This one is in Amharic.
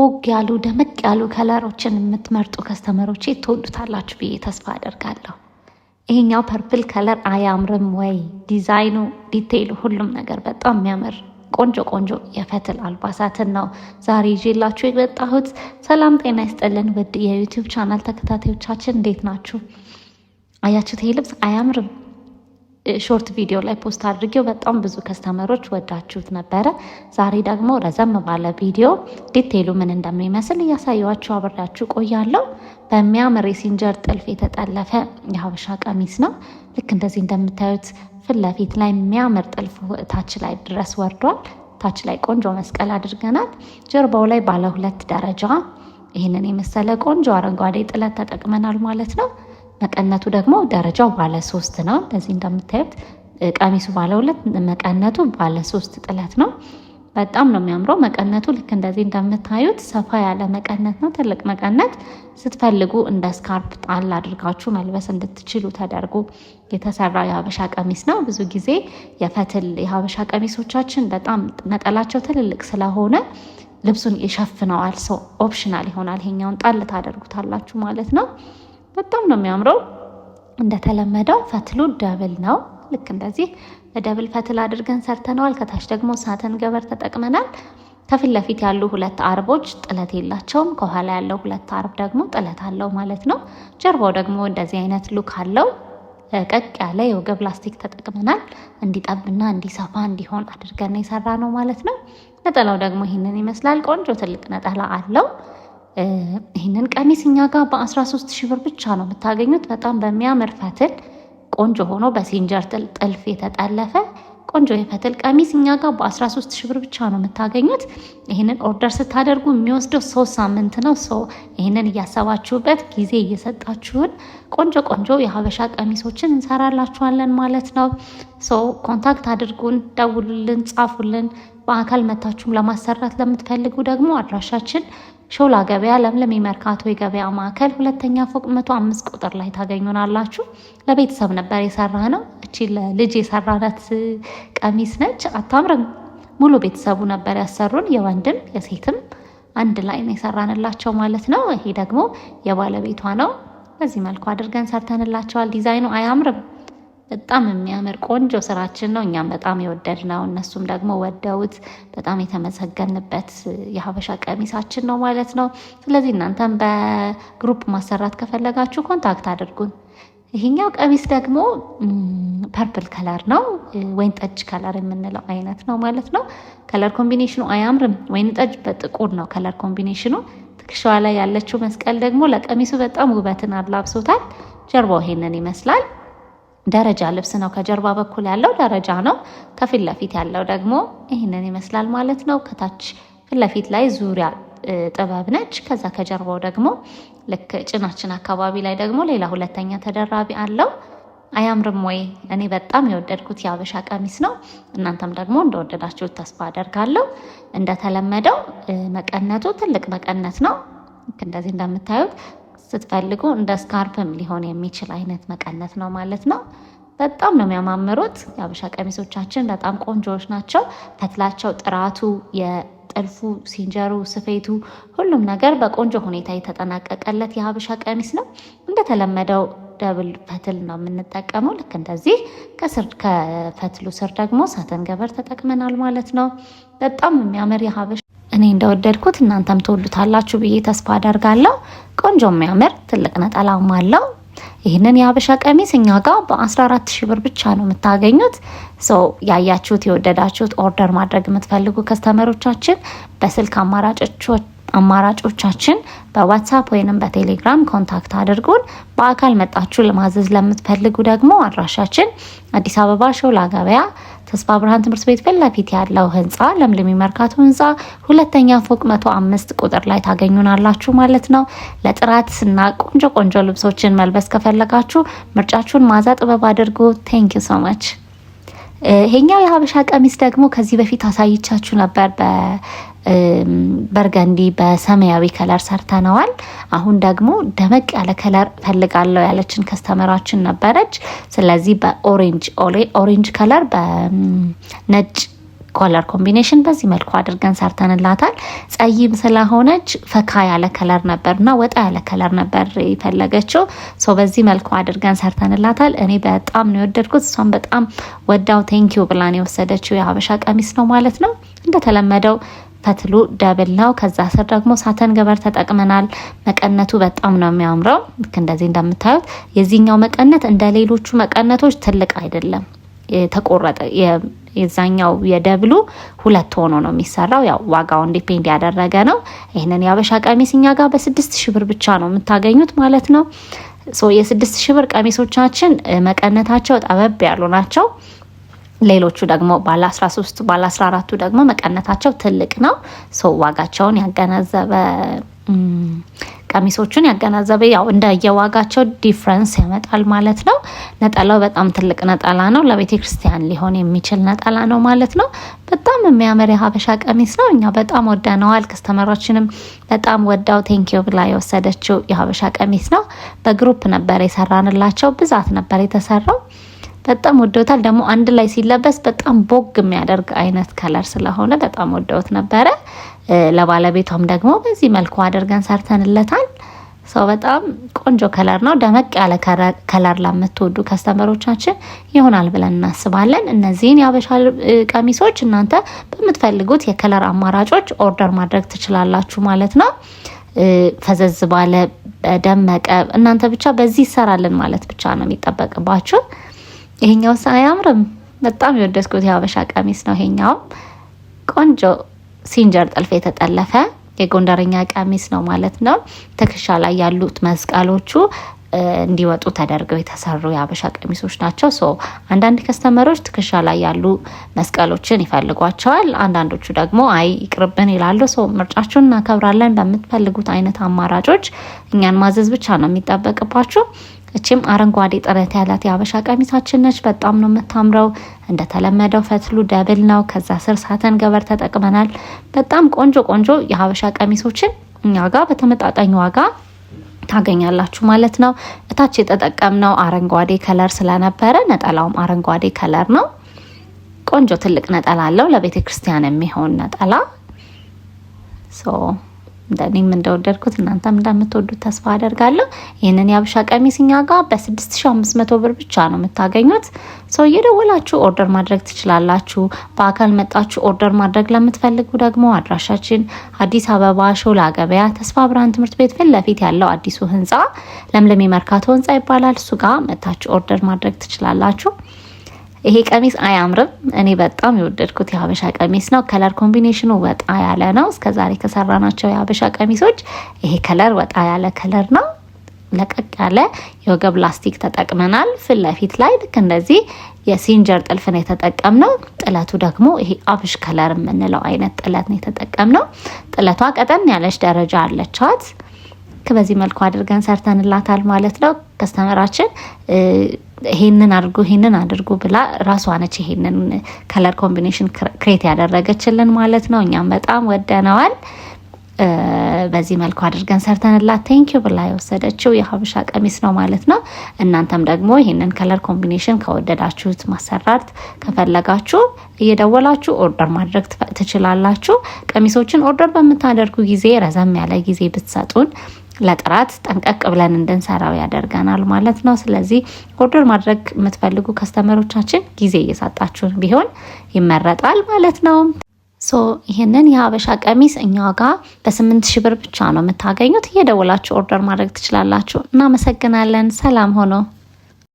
ቦግ ያሉ ደመቅ ያሉ ከለሮችን የምትመርጡ ከስተመሮቼ ትወዱታላችሁ ብዬ ተስፋ አደርጋለሁ። ይሄኛው ፐርፕል ከለር አያምርም ወይ? ዲዛይኑ፣ ዲቴይሉ፣ ሁሉም ነገር በጣም የሚያምር ቆንጆ ቆንጆ የፈትል አልባሳትን ነው ዛሬ ይዤላችሁ የመጣሁት። ሰላም ጤና ይስጥልን ውድ የዩቲዩብ ቻናል ተከታታዮቻችን እንዴት ናችሁ? አያችሁት? ይሄ ልብስ አያምርም? ሾርት ቪዲዮ ላይ ፖስት አድርጌው በጣም ብዙ ከስተመሮች ወዳችሁት ነበረ። ዛሬ ደግሞ ረዘም ባለ ቪዲዮ ዲቴይሉ ምን እንደሚመስል እያሳየዋችሁ አብሬያችሁ ቆያለሁ። በሚያምር የሲንጀር ጥልፍ የተጠለፈ የሀበሻ ቀሚስ ነው። ልክ እንደዚህ እንደምታዩት ፊት ለፊት ላይ የሚያምር ጥልፍ ታች ላይ ድረስ ወርዷል። ታች ላይ ቆንጆ መስቀል አድርገናል። ጀርባው ላይ ባለ ሁለት ደረጃ ይህንን የመሰለ ቆንጆ አረንጓዴ ጥለት ተጠቅመናል ማለት ነው። መቀነቱ ደግሞ ደረጃው ባለ ሶስት ነው። እንደዚህ እንደምታዩት ቀሚሱ ባለ ሁለት መቀነቱ ባለ ሶስት ጥለት ነው። በጣም ነው የሚያምረው መቀነቱ። ልክ እንደዚህ እንደምታዩት ሰፋ ያለ መቀነት ነው። ትልቅ መቀነት ስትፈልጉ እንደ ስካርፕ ጣል አድርጋችሁ መልበስ እንድትችሉ ተደርጎ የተሰራ የሀበሻ ቀሚስ ነው። ብዙ ጊዜ የፈትል የሀበሻ ቀሚሶቻችን በጣም ነጠላቸው ትልልቅ ስለሆነ ልብሱን ይሸፍነዋል። ሰው ኦፕሽናል ይሆናል። ይሄኛውን ጣል ታደርጉታላችሁ ማለት ነው። በጣም ነው የሚያምረው። እንደተለመደው ፈትሉ ደብል ነው። ልክ እንደዚህ በደብል ፈትል አድርገን ሰርተነዋል። ከታች ደግሞ ሳተን ገበር ተጠቅመናል። ከፊት ለፊት ያሉ ሁለት አርቦች ጥለት የላቸውም። ከኋላ ያለው ሁለት አርብ ደግሞ ጥለት አለው ማለት ነው። ጀርባው ደግሞ እንደዚህ አይነት ሉክ አለው። ቀቅ ያለ የወገብ ላስቲክ ተጠቅመናል። እንዲጠብና እንዲሰፋ እንዲሆን አድርገን የሰራ ነው ማለት ነው። ነጠላው ደግሞ ይህንን ይመስላል። ቆንጆ ትልቅ ነጠላ አለው። ይህንን ቀሚስ እኛ ጋር በ13 ሺህ ብር ብቻ ነው የምታገኙት። በጣም በሚያምር ፈትል ቆንጆ ሆኖ በሲንጀር ጥልፍ የተጠለፈ ቆንጆ የፈትል ቀሚስ እኛ ጋር በ13 ሺህ ብር ብቻ ነው የምታገኙት። ይህንን ኦርደር ስታደርጉ የሚወስደው ሶስት ሳምንት ነው። ሰው ይህንን እያሰባችሁበት ጊዜ እየሰጣችሁን ቆንጆ ቆንጆ የሀበሻ ቀሚሶችን እንሰራላችኋለን ማለት ነው። ሰው ኮንታክት አድርጉን፣ ደውሉልን፣ ጻፉልን። በአካል መታችሁም ለማሰራት ለምትፈልጉ ደግሞ አድራሻችን ሾላ ገበያ ለምለም መርካቶ የገበያ ማዕከል ሁለተኛ ፎቅ መቶ አምስት ቁጥር ላይ ታገኙናላችሁ። ለቤተሰብ ነበር የሰራ ነው። እቺ ለልጅ የሰራናት ቀሚስ ነች። አታምርም? ሙሉ ቤተሰቡ ነበር ያሰሩን። የወንድም የሴትም አንድ ላይ ነው የሰራንላቸው ማለት ነው። ይሄ ደግሞ የባለቤቷ ነው። በዚህ መልኩ አድርገን ሰርተንላቸዋል። ዲዛይኑ አያምርም? በጣም የሚያምር ቆንጆ ስራችን ነው። እኛም በጣም የወደድ ነው፣ እነሱም ደግሞ ወደውት በጣም የተመሰገንበት የሀበሻ ቀሚሳችን ነው ማለት ነው። ስለዚህ እናንተም በግሩፕ ማሰራት ከፈለጋችሁ ኮንታክት አድርጉን። ይሄኛው ቀሚስ ደግሞ ፐርፕል ከለር ነው፣ ወይን ጠጅ ከለር የምንለው አይነት ነው ማለት ነው። ከለር ኮምቢኔሽኑ አያምርም? ወይን ጠጅ በጥቁር ነው ከለር ኮምቢኔሽኑ። ትከሻዋ ላይ ያለችው መስቀል ደግሞ ለቀሚሱ በጣም ውበትን አላብሶታል። ጀርባው ይሄንን ይመስላል። ደረጃ ልብስ ነው። ከጀርባ በኩል ያለው ደረጃ ነው። ከፊት ለፊት ያለው ደግሞ ይህንን ይመስላል ማለት ነው። ከታች ፊት ለፊት ላይ ዙሪያ ጥበብ ነች። ከዛ ከጀርባው ደግሞ ልክ ጭናችን አካባቢ ላይ ደግሞ ሌላ ሁለተኛ ተደራቢ አለው። አያምርም ወይ? እኔ በጣም የወደድኩት የአበሻ ቀሚስ ነው። እናንተም ደግሞ እንደወደዳችሁት ተስፋ አደርጋለሁ። እንደተለመደው መቀነቱ ትልቅ መቀነት ነው። እንደዚህ እንደምታዩት ስትፈልጉ እንደ ስካርፕም ሊሆን የሚችል አይነት መቀነት ነው ማለት ነው። በጣም ነው የሚያማምሩት። የአበሻ ቀሚሶቻችን በጣም ቆንጆዎች ናቸው። ፈትላቸው፣ ጥራቱ፣ የጥልፉ፣ ሲንጀሩ፣ ስፌቱ፣ ሁሉም ነገር በቆንጆ ሁኔታ የተጠናቀቀለት የሀበሻ ቀሚስ ነው። እንደተለመደው ደብል ፈትል ነው የምንጠቀመው። ልክ እንደዚህ ከፈትሉ ስር ደግሞ ሳተን ገበር ተጠቅመናል ማለት ነው። በጣም የሚያምር የሀበሻ እኔ እንደወደድኩት እናንተም ትወዱታላችሁ ብዬ ተስፋ አደርጋለሁ። ቆንጆ የሚያምር ትልቅ ነጠላም አለው። ይህንን የሀበሻ ቀሚስ እኛ ጋር በ14 ሺህ ብር ብቻ ነው የምታገኙት። ሰው ያያችሁት የወደዳችሁት ኦርደር ማድረግ የምትፈልጉ ከስተመሮቻችን በስልክ አማራጮቻችን በዋትሳፕ ወይንም በቴሌግራም ኮንታክት አድርጉን። በአካል መጣችሁ ለማዘዝ ለምትፈልጉ ደግሞ አድራሻችን አዲስ አበባ ሾላ ገበያ ተስፋ ብርሃን ትምህርት ቤት ፊት ለፊት ያለው ህንፃ ለምለም መርካቶ ህንፃ ሁለተኛ ፎቅ መቶ አምስት ቁጥር ላይ ታገኙናላችሁ ማለት ነው። ለጥራት እና ቆንጆ ቆንጆ ልብሶችን መልበስ ከፈለጋችሁ ምርጫችሁን ማዛ ጥበብ አድርጉ። ቴንክ ዩ ሶ ማች። ይሄኛው የሀበሻ ቀሚስ ደግሞ ከዚህ በፊት አሳይቻችሁ ነበር በርገንዲ በሰማያዊ ከለር ሰርተነዋል። አሁን ደግሞ ደመቅ ያለ ከለር ፈልጋለሁ ያለችን ከስተመራችን ነበረች። ስለዚህ በኦሬንጅ ኦሬንጅ ከለር በነጭ ኮለር ኮምቢኔሽን በዚህ መልኩ አድርገን ሰርተንላታል። ጸይም ስለሆነች ፈካ ያለ ከለር ነበርና ወጣ ያለ ከለር ነበር የፈለገችው። ሶ በዚህ መልኩ አድርገን ሰርተንላታል። እኔ በጣም ነው የወደድኩት፣ እሷም በጣም ወዳው ቴንኪዩ ብላን የወሰደችው የሀበሻ ቀሚስ ነው ማለት ነው። እንደተለመደው ፈትሉ ደብል ነው። ከዛ ስር ደግሞ ሳተን ገበር ተጠቅመናል። መቀነቱ በጣም ነው የሚያምረው። ልክ እንደዚህ እንደምታዩት የዚህኛው መቀነት እንደ ሌሎቹ መቀነቶች ትልቅ አይደለም። የተቆረጠ የዛኛው የደብሉ ሁለት ሆኖ ነው የሚሰራው። ያው ዋጋውን ዲፔንድ ያደረገ ነው። ይህንን የአበሻ ቀሚስ እኛ ጋር በስድስት ሺ ብር ብቻ ነው የምታገኙት ማለት ነው። የስድስት ሺ ብር ቀሚሶቻችን መቀነታቸው ጠበብ ያሉ ናቸው። ሌሎቹ ደግሞ ባለ 13 ባለ 14 ደግሞ መቀነታቸው ትልቅ ነው። ሰው ዋጋቸውን ያገናዘበ ቀሚሶቹን ያገናዘበ ያው እንደየዋጋቸው ዲፍረንስ ያመጣል ማለት ነው። ነጠላው በጣም ትልቅ ነጠላ ነው። ለቤተ ክርስቲያን ሊሆን የሚችል ነጠላ ነው ማለት ነው። በጣም የሚያምር የሀበሻ ቀሚስ ነው። እኛ በጣም ወደነዋል። ከስተመራችንም በጣም ወዳው ቴንኪዩ ብላ የወሰደችው የሀበሻ ቀሚስ ነው። በግሩፕ ነበር የሰራንላቸው። ብዛት ነበር የተሰራው በጣም ወደውታል። ደግሞ አንድ ላይ ሲለበስ በጣም ቦግ የሚያደርግ አይነት ከለር ስለሆነ በጣም ወደውት ነበረ። ለባለቤቷም ደግሞ በዚህ መልኩ አድርገን ሰርተንለታል። ሰው በጣም ቆንጆ ከለር ነው። ደመቅ ያለ ከለር ለምትወዱ ከስተመሮቻችን ይሆናል ብለን እናስባለን። እነዚህን የአበሻ ቀሚሶች እናንተ በምትፈልጉት የከለር አማራጮች ኦርደር ማድረግ ትችላላችሁ ማለት ነው። ፈዘዝ ባለ በደመቀ እናንተ ብቻ በዚህ ይሰራልን ማለት ብቻ ነው የሚጠበቅባችሁ። ይሄኛውስ አያምርም? በጣም የወደድኩት የሀበሻ ቀሚስ ነው። ይሄኛውም ቆንጆ ሲንጀር ጥልፍ የተጠለፈ የጎንደረኛ ቀሚስ ነው ማለት ነው። ትከሻ ላይ ያሉት መስቀሎቹ እንዲወጡ ተደርገው የተሰሩ የሀበሻ ቀሚሶች ናቸው። ሶ አንዳንድ ከስተመሮች ትከሻ ላይ ያሉ መስቀሎችን ይፈልጓቸዋል። አንዳንዶቹ ደግሞ አይ ይቅርብን ይላሉ። ሶ ምርጫችሁን እናከብራለን። በምትፈልጉት አይነት አማራጮች እኛን ማዘዝ ብቻ ነው የሚጠበቅባችሁ። እቺም አረንጓዴ ጥለት ያላት የአበሻ ቀሚሳችን ነች። በጣም ነው የምታምረው። እንደተለመደው ፈትሉ ደብል ነው። ከዛ ስር ሳተን ገበር ተጠቅመናል። በጣም ቆንጆ ቆንጆ የሀበሻ ቀሚሶችን እኛ ጋር በተመጣጣኝ ዋጋ ታገኛላችሁ ማለት ነው። እታች የተጠቀምነው አረንጓዴ ከለር ስለነበረ ነጠላውም አረንጓዴ ከለር ነው። ቆንጆ ትልቅ ነጠላ አለው ለቤተ ክርስቲያን የሚሆን ነጠላ እኔም እንደወደድኩት እናንተም እንደምትወዱት ተስፋ አደርጋለሁ። ይህንን የአበሻ ቀሚስ እኛ ጋር በ6500 ብር ብቻ ነው የምታገኙት። ሰው እየደወላችሁ ኦርደር ማድረግ ትችላላችሁ። በአካል መጣችሁ ኦርደር ማድረግ ለምትፈልጉ ደግሞ አድራሻችን አዲስ አበባ ሾላ ገበያ ተስፋ ብርሃን ትምህርት ቤት ፊት ለፊት ያለው አዲሱ ህንፃ ለምለም መርካቶ ህንፃ ይባላል። እሱ ጋር መታችሁ ኦርደር ማድረግ ትችላላችሁ። ይሄ ቀሚስ አያምርም? እኔ በጣም የወደድኩት የሀበሻ ቀሚስ ነው። ከለር ኮምቢኔሽኑ ወጣ ያለ ነው። እስከዛሬ ከሰራናቸው የሀበሻ ቀሚሶች ይሄ ከለር ወጣ ያለ ከለር ነው። ለቀቅ ያለ የወገብ ላስቲክ ተጠቅመናል። ፊት ለፊት ላይ ልክ እንደዚህ የሲንጀር ጥልፍ ነው የተጠቀምነው። ጥለቱ ደግሞ ይሄ አብሽ ከለር የምንለው አይነት ጥለት ነው የተጠቀምነው። ጥለቷ ቀጠን ያለች ደረጃ አለቻት። በዚህ መልኩ አድርገን ሰርተንላታል ማለት ነው። ከስተመራችን ይሄንን አድርጉ ይሄንን አድርጉ ብላ ራሷ ነች ይሄንን ከለር ኮምቢኔሽን ክሬት ያደረገችልን ማለት ነው። እኛም በጣም ወደነዋል። በዚህ መልኩ አድርገን ሰርተንላት ቴንኪው ብላ የወሰደችው የሀበሻ ቀሚስ ነው ማለት ነው። እናንተም ደግሞ ይህንን ከለር ኮምቢኔሽን ከወደዳችሁት ማሰራት ከፈለጋችሁ እየደወላችሁ ኦርደር ማድረግ ትችላላችሁ። ቀሚሶችን ኦርደር በምታደርጉ ጊዜ ረዘም ያለ ጊዜ ብትሰጡን ለጥራት ጠንቀቅ ብለን እንድንሰራው ያደርገናል ማለት ነው። ስለዚህ ኦርደር ማድረግ የምትፈልጉ ከስተመሮቻችን ጊዜ እየሰጣችሁን ቢሆን ይመረጣል ማለት ነው። ሶ ይህንን የሀበሻ ቀሚስ እኛ ጋር በስምንት ሺ ብር ብቻ ነው የምታገኙት። እየደወላችሁ ኦርደር ማድረግ ትችላላችሁ። እናመሰግናለን። ሰላም ሆኖ